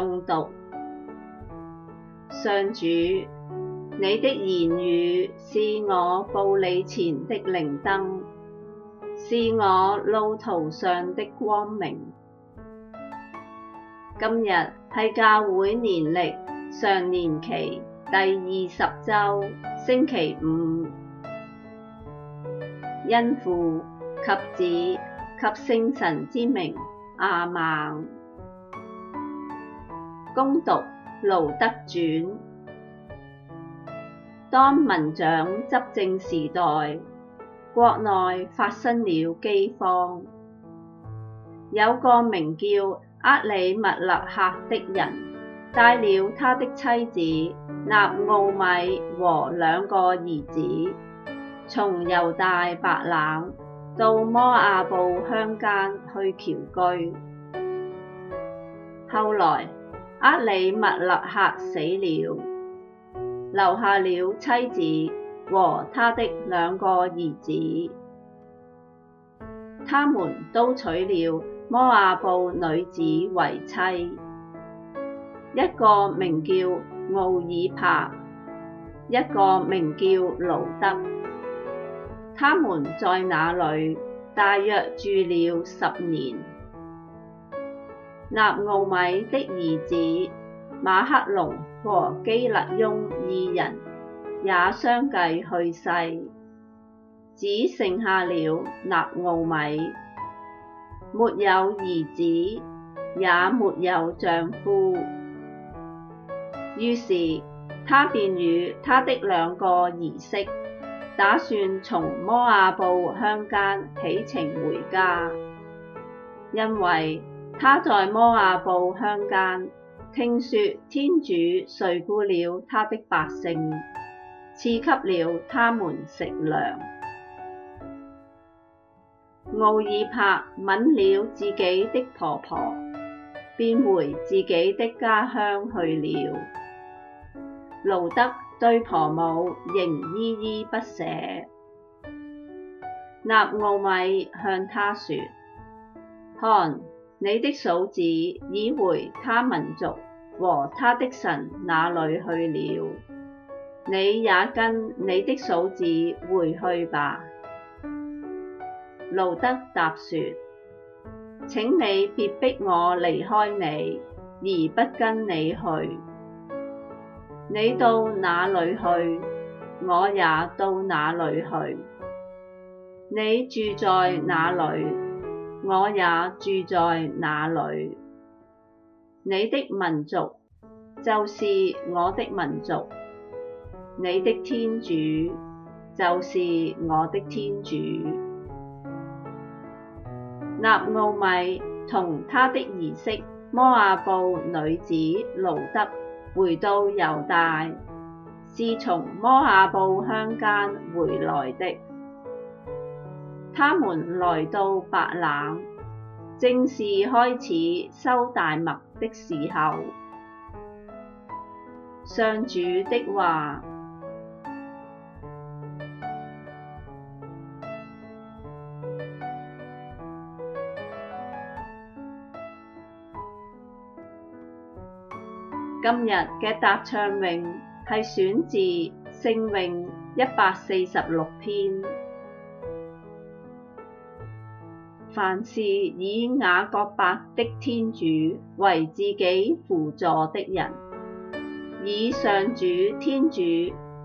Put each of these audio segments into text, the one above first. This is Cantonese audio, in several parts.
誦讀，上主，你的言語是我步你前的靈燈，是我路途上的光明。今日係教會年曆上常年期第二十周星期五，因父及子及聖神之名，阿們。恭讀《盧德傳》。當民長執政時代，國內發生了饑荒。有個名叫厄里默肋客的人，帶了他的妻子納敖米和兩個兒子，從猶大白冷到摩阿布鄉間去僑居。後來，厄里默肋客死了，留下了妻子和他的兩個兒子，他們都娶了摩阿布女子為妻，一個名叫敖爾帕，一個名叫盧德，他們在那裏大約住了十年。納奧納敖米的兒子瑪赫隆和基肋雍二人也相繼去世，只剩下了納敖米，沒有兒子，也沒有丈夫，於是她便與她的兩個兒媳，打算從摩阿布鄉間起程回家，因為。他在摩阿布鄉間，聽說天主垂顧了他的百姓，賜給了他們食糧。敖爾帕吻了自己的婆婆，便回自己的家鄉去了。盧德對婆母仍依依不捨。納敖米向她説：「看。你的嫂子已回她民族和她的神那裏去了，你也跟你的嫂子回去吧。盧德答說：請你別逼我離開你，而不跟你去。你到哪裏去，我也到哪裏去。你住在哪裏，我也住在那裏。你的民族就是我的民族，你的天主就是我的天主。納敖米同他的兒媳摩阿布女子盧德回到猶大，是從摩阿布鄉間回來的。他們來到白冷，正是開始收大麥的時候。上主的話：今日嘅答唱詠係選自聖詠一百四十六篇。凡是以雅各伯的天主為自己扶助的人，以上主天主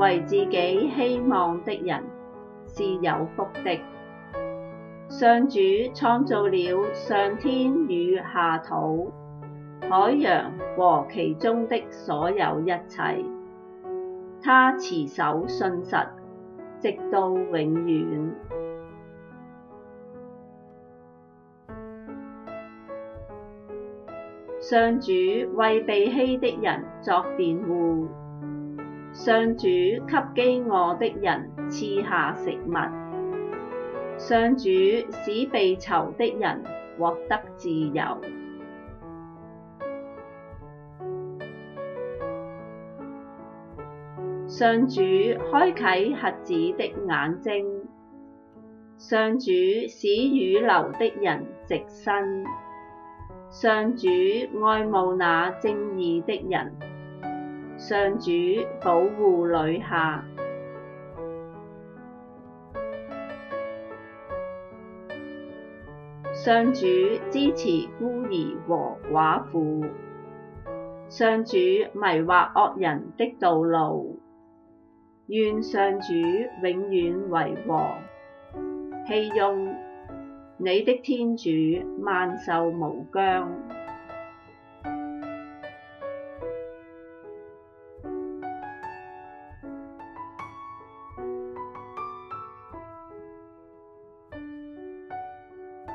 為自己希望的人，是有福的。上主創造了上天與下土、海洋和其中的所有一切，他持守信實，直到永遠。上主為被欺的人作辯護，上主給飢餓的人賜下食物，上主使被囚的人獲得自由，上主開啟瞎子的眼睛，上主使傴僂的人直身。上主愛慕那正義的人，上主保護旅客，上主支持孤兒和寡婦，上主迷惑惡人的道路，願上主永遠為王。熙雍。你的天主萬壽無疆。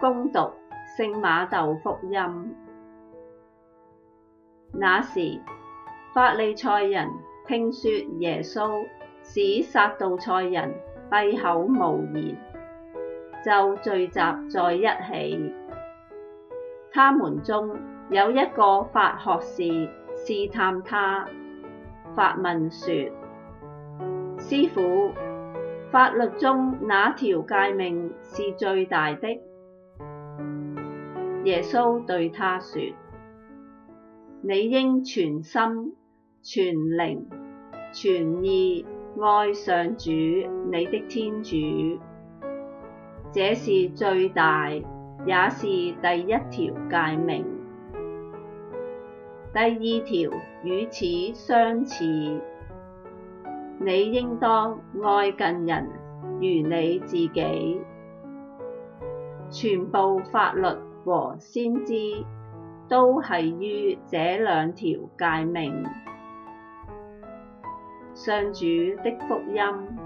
恭讀聖瑪竇福音。那時，法利塞人聽說耶穌使撒杜塞人閉口無言。就聚集在一起。他們中有一個法學士試探他，發問說：師傅，法律中哪條誡命是最大的？耶穌對他說：你應全心、全靈、全意愛上主你的天主。這是最大也是第一條誡命。第二條與此相似，你應當愛近人如你自己。全部法律和先知，都繫於這兩條誡命。上主的福音。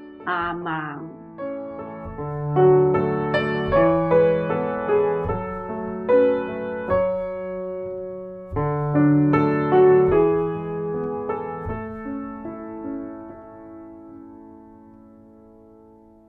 阿媽。